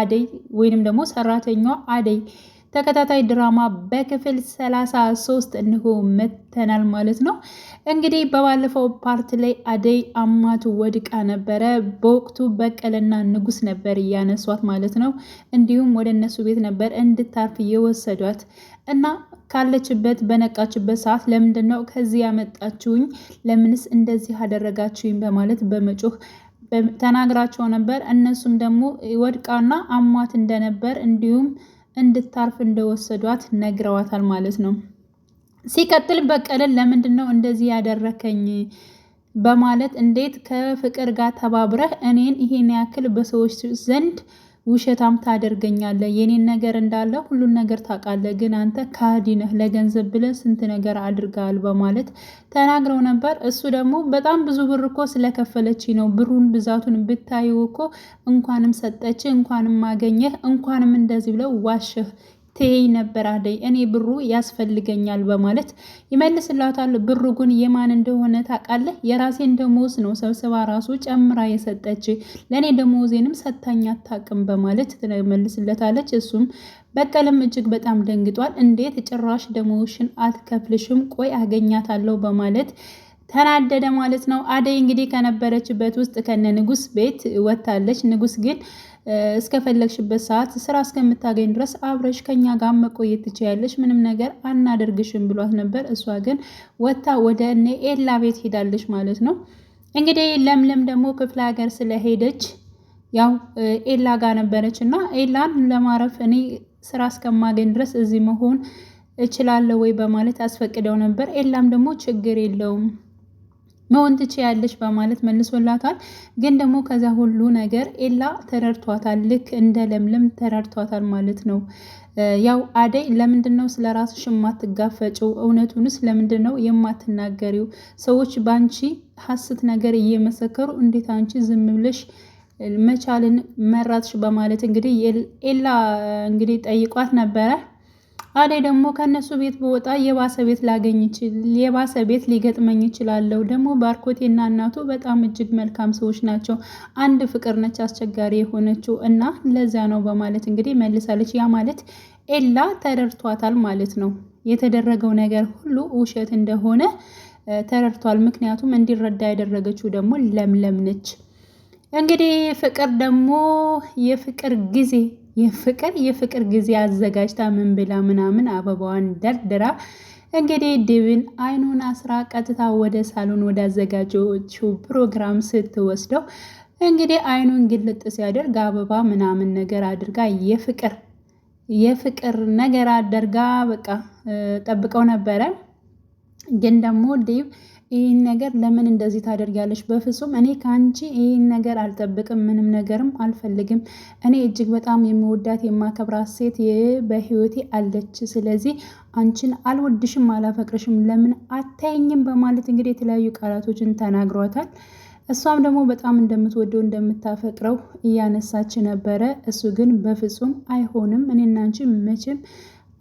አደይ ወይንም ደግሞ ሰራተኛዋ አደይ ተከታታይ ድራማ በክፍል 33 ሶስት እንሆ መተናል ማለት ነው። እንግዲህ በባለፈው ፓርት ላይ አደይ አማቱ ወድቃ ነበረ። በወቅቱ በቀለና ንጉስ ነበር እያነሷት ማለት ነው። እንዲሁም ወደ እነሱ ቤት ነበር እንድታርፍ የወሰዷት እና ካለችበት በነቃችበት ሰዓት ለምንድን ነው ከዚህ ያመጣችሁኝ? ለምንስ እንደዚህ አደረጋችሁኝ? በማለት በመጮህ ተናግራቸው ነበር። እነሱም ደግሞ ወድቃና አሟት እንደነበር እንዲሁም እንድታርፍ እንደወሰዷት ነግረዋታል ማለት ነው። ሲቀጥል በቀልን ለምንድን ነው እንደዚህ ያደረከኝ በማለት እንዴት ከፍቅር ጋር ተባብረህ እኔን ይሄን ያክል በሰዎች ዘንድ ውሸታም ታደርገኛለህ፣ የኔን ነገር እንዳለ ሁሉን ነገር ታውቃለህ፣ ግን አንተ ከሃዲ ነህ፣ ለገንዘብ ብለህ ስንት ነገር አድርገሃል በማለት ተናግረው ነበር። እሱ ደግሞ በጣም ብዙ ብር እኮ ስለከፈለች ነው፣ ብሩን ብዛቱን ብታዩ እኮ እንኳንም ሰጠች፣ እንኳንም አገኘህ፣ እንኳንም እንደዚህ ብለው ዋሸህ ትሄይ ነበር አደይ እኔ ብሩ ያስፈልገኛል በማለት ይመልስላታል። ብሩ ግን የማን እንደሆነ ታውቃለህ? የራሴን ደሞዝ ነው ሰብስባ ራሱ ጨምራ የሰጠች ለእኔ ደሞዜንም ሰታኝ አታውቅም በማለት ትመልስለታለች። እሱም በቀለም እጅግ በጣም ደንግጧል። እንዴት ጭራሽ ደሞዝሽን አትከፍልሽም? ቆይ አገኛታለሁ በማለት ተናደደ ማለት ነው። አደይ እንግዲህ ከነበረችበት ውስጥ ከነ ንጉስ ቤት ወታለች። ንጉስ ግን እስከፈለግሽበት ሰዓት ስራ እስከምታገኝ ድረስ አብረሽ ከኛ ጋር መቆየት ትችያለሽ፣ ምንም ነገር አናደርግሽም ብሏት ነበር። እሷ ግን ወታ ወደ እነ ኤላ ቤት ሄዳለች ማለት ነው። እንግዲህ ለምለም ደግሞ ክፍለ ሀገር ስለሄደች ያው ኤላ ጋር ነበረች እና ኤላን ለማረፍ እኔ ስራ እስከማገኝ ድረስ እዚህ መሆን እችላለሁ ወይ በማለት አስፈቅደው ነበር። ኤላም ደግሞ ችግር የለውም መሆን ትችያለሽ በማለት መልሶላታል። ግን ደግሞ ከዛ ሁሉ ነገር ኤላ ተረድቷታል። ልክ እንደ ለምለም ተረድቷታል ማለት ነው። ያው አደይ ለምንድን ነው ስለ ራስሽ የማትጋፈጭው? እውነቱንስ ለምንድን ነው የማትናገሪው? ሰዎች በአንቺ ሀስት ነገር እየመሰከሩ እንዴት አንቺ ዝም ብለሽ መቻልን መራትሽ? በማለት እንግዲህ ኤላ እንግዲህ ጠይቋት ነበረ አደይ ደግሞ ከእነሱ ቤት በወጣ የባሰ ቤት ላገኝ የባሰ ቤት ሊገጥመኝ ይችላለሁ። ደግሞ ባርኮቴና እናቱ በጣም እጅግ መልካም ሰዎች ናቸው። አንድ ፍቅር ነች አስቸጋሪ የሆነችው እና ለዛ ነው በማለት እንግዲህ መልሳለች። ያ ማለት ኤላ ተረድቷታል ማለት ነው። የተደረገው ነገር ሁሉ ውሸት እንደሆነ ተረድቷል። ምክንያቱም እንዲረዳ ያደረገችው ደግሞ ለምለም ነች። እንግዲህ ፍቅር ደግሞ የፍቅር ጊዜ የፍቅር የፍቅር ጊዜ አዘጋጅታ ምን ብላ ምናምን አበባዋን ደርድራ እንግዲህ ድብን አይኑን አስራ ቀጥታ ወደ ሳሎን ወደ አዘጋጆቹ ፕሮግራም ስትወስደው እንግዲህ አይኑን ግልጥ ሲያደርግ አበባ ምናምን ነገር አድርጋ የፍቅር የፍቅር ነገር አደርጋ በቃ ጠብቀው ነበረ ግን ደግሞ ዴቭ ይህን ነገር ለምን እንደዚህ ታደርጊያለሽ? በፍጹም እኔ ከአንቺ ይህን ነገር አልጠብቅም፣ ምንም ነገርም አልፈልግም። እኔ እጅግ በጣም የምወዳት የማከብራት ሴት በህይወቴ አለች። ስለዚህ አንቺን አልወድሽም፣ አላፈቅርሽም፣ ለምን አታይኝም? በማለት እንግዲህ የተለያዩ ቃላቶችን ተናግሯታል። እሷም ደግሞ በጣም እንደምትወደው እንደምታፈቅረው እያነሳች ነበረ። እሱ ግን በፍጹም አይሆንም፣ እኔና አንቺ መቼም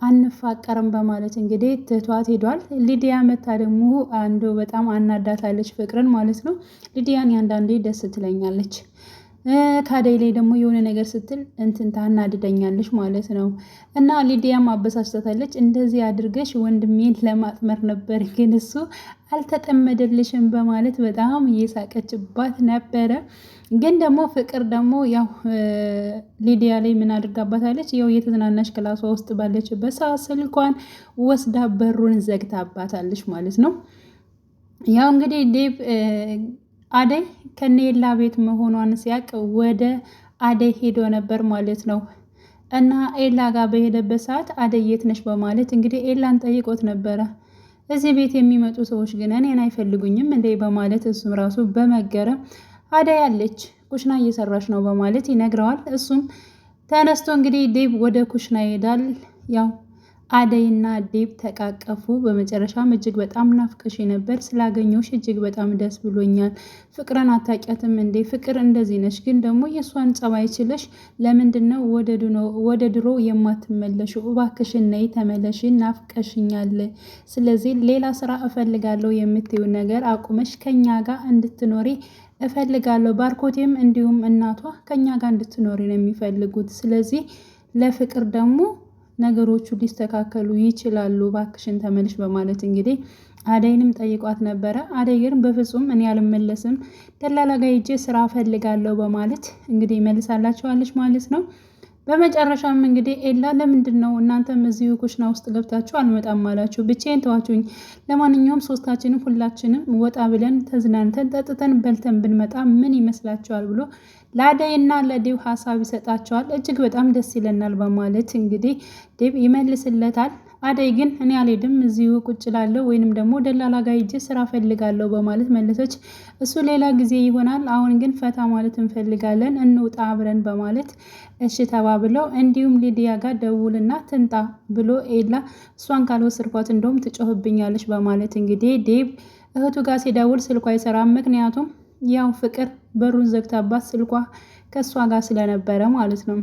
አንፋቀርም በማለት እንግዲህ ትቷት ሄዷል። ሊዲያ መታ ደግሞ አንዱ በጣም አናዳታለች ፍቅርን ማለት ነው። ሊዲያን ያንዳንዴ ደስ ትለኛለች። ከአደይ ላይ ደግሞ የሆነ ነገር ስትል እንትን ታናድደኛለች ማለት ነው። እና ሊዲያም አበሳጭታታለች። እንደዚህ አድርገሽ ወንድሜን ለማጥመር ነበር፣ ግን እሱ አልተጠመደልሽም በማለት በጣም እየሳቀችባት ነበረ። ግን ደግሞ ፍቅር ደግሞ ያው ሊዲያ ላይ ምን አድርጋባታለች? ያው የተዝናናሽ ክላሷ ውስጥ ባለችበት ሰዓት ስልኳን ወስዳ በሩን ዘግታባታለች ማለት ነው። ያው እንግዲህ ዴቭ አደይ ከኔላ ቤት መሆኗን ሲያቅ ወደ አደይ ሄዶ ነበር ማለት ነው። እና ኤላ ጋር በሄደበት ሰዓት አደይ የት ነሽ በማለት እንግዲህ ኤላን ጠይቆት ነበረ። እዚህ ቤት የሚመጡ ሰዎች ግን እኔን አይፈልጉኝም እንዴ በማለት እሱም ራሱ በመገረም አደይ አለች ኩሽና እየሰራች ነው በማለት ይነግረዋል። እሱም ተነስቶ እንግዲህ ዴብ ወደ ኩሽና ይሄዳል ያው አደይና ዴብ ተቃቀፉ። በመጨረሻም እጅግ በጣም ናፍቀሽ ነበር፣ ስላገኘሁሽ እጅግ በጣም ደስ ብሎኛል። ፍቅርን አታውቂያትም እንዴ? ፍቅር እንደዚህ ነች። ግን ደግሞ የእሷን ጸባይ ችለሽ ለምንድን ነው ወደ ድሮ የማትመለሹ? እባክሽን ነይ ተመለሽ፣ ናፍቀሽኛል። ስለዚህ ሌላ ስራ እፈልጋለሁ የምትዩ ነገር አቁመሽ ከኛ ጋር እንድትኖሪ እፈልጋለሁ። ባርኮቴም እንዲሁም እናቷ ከኛ ጋር እንድትኖሪ ነው የሚፈልጉት። ስለዚህ ለፍቅር ደግሞ ነገሮቹ ሊስተካከሉ ይችላሉ፣ ባክሽን ተመልሽ በማለት እንግዲህ አደይንም ጠይቋት ነበረ። አደይ ግን በፍጹም እኔ አልመለስም፣ ደላላ ጋ ሂጄ ስራ እፈልጋለሁ በማለት እንግዲህ ይመልሳላቸዋለች ማለት ነው። በመጨረሻም እንግዲህ ኤላ ለምንድን ነው እናንተም እዚሁ ኩሽና ውስጥ ገብታችሁ አልመጣም አላችሁ? ብቻዬን ተዋችሁኝ። ለማንኛውም ሶስታችንም ሁላችንም ወጣ ብለን ተዝናንተን ጠጥተን በልተን ብንመጣ ምን ይመስላችኋል? ብሎ ለአደይና ለዴብ ሀሳብ ይሰጣቸዋል። እጅግ በጣም ደስ ይለናል በማለት እንግዲህ ዴብ ይመልስለታል። አደይ ግን እኔ አልሄድም እዚሁ ቁጭ ላለሁ ወይንም ደግሞ ደላላ ጋር ሂጄ ስራ ፈልጋለሁ በማለት መለሰች። እሱ ሌላ ጊዜ ይሆናል፣ አሁን ግን ፈታ ማለት እንፈልጋለን፣ እንውጣ አብረን በማለት እሺ ተባብለው እንዲሁም ሊዲያ ጋር ደውልና ትንጣ ብሎ ኤላ እሷን ካልወሰድኳት እንደውም ትጮህብኛለች በማለት እንግዲህ ዴብ እህቱ ጋር ሲደውል ስልኳ አይሰራም። ምክንያቱም ያው ፍቅር በሩን ዘግታባት ስልኳ ከእሷ ጋር ስለነበረ ማለት ነው።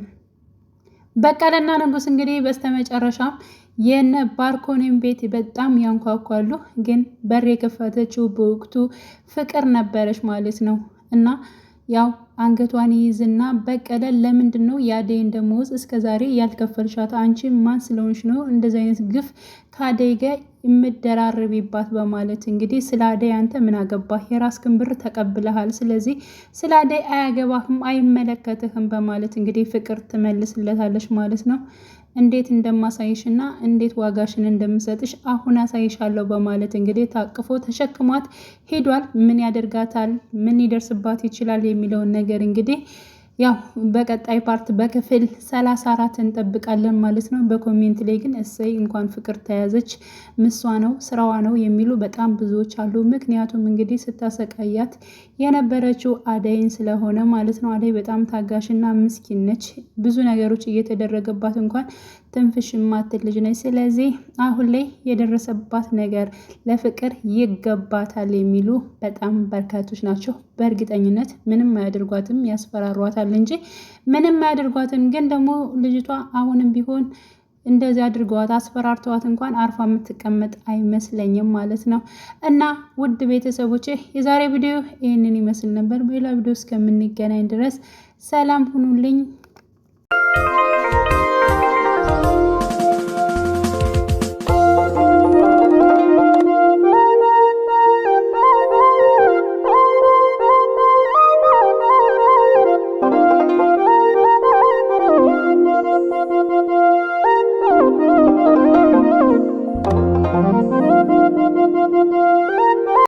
በቀለና ንጉስ እንግዲህ በስተመጨረሻ የነ ባርኮኒን ቤት በጣም ያንኳኳሉ። ግን በር የከፈተችው በወቅቱ ፍቅር ነበረች ማለት ነው እና ያው አንገቷን ይይዝና በቀለ ለምንድን ነው የአደይን ደመወዝ እስከ ዛሬ ያልከፈልሻት? አንቺ ማን ስለሆንሽ ነው እንደዚ አይነት ግፍ ከአደይ ጋር የምደራረቢባት? በማለት እንግዲህ ስለ አደይ አንተ ምን አገባህ? የራስህን ብር ተቀብለሃል። ስለዚህ ስለ አደይ አያገባህም፣ አይመለከትህም በማለት እንግዲህ ፍቅር ትመልስለታለች ማለት ነው። እንዴት እንደማሳይሽ እና እንዴት ዋጋሽን እንደምሰጥሽ አሁን አሳይሻለሁ በማለት እንግዲህ ታቅፎ ተሸክሟት ሄዷል። ምን ያደርጋታል? ምን ይደርስባት ይችላል? የሚለውን ነገር እንግዲህ ያው በቀጣይ ፓርት በክፍል ሰላሳ እንጠብቃለን ማለት ነው። በኮሜንት ላይ ግን እሰይ እንኳን ፍቅር ተያዘች ምሷ ነው ስራዋ ነው የሚሉ በጣም ብዙዎች አሉ። ምክንያቱም እንግዲህ ስታሰቃያት የነበረችው አደይን ስለሆነ ማለት ነው። አደይ በጣም ታጋሽና ምስኪን ነች። ብዙ ነገሮች እየተደረገባት እንኳን ትንፍሽ የማትል ልጅ ነች። ስለዚህ አሁን ላይ የደረሰባት ነገር ለፍቅር ይገባታል የሚሉ በጣም በርካቶች ናቸው። በእርግጠኝነት ምንም አያደርጓትም፣ ያስፈራሯታል እንጂ ምንም አያደርጓትም። ግን ደግሞ ልጅቷ አሁንም ቢሆን እንደዚህ አድርገዋት አስፈራርተዋት እንኳን አርፋ የምትቀመጥ አይመስለኝም ማለት ነው። እና ውድ ቤተሰቦቼ የዛሬ ቪዲዮ ይህንን ይመስል ነበር። በሌላ ቪዲዮ እስከምንገናኝ ድረስ ሰላም ሁኑልኝ።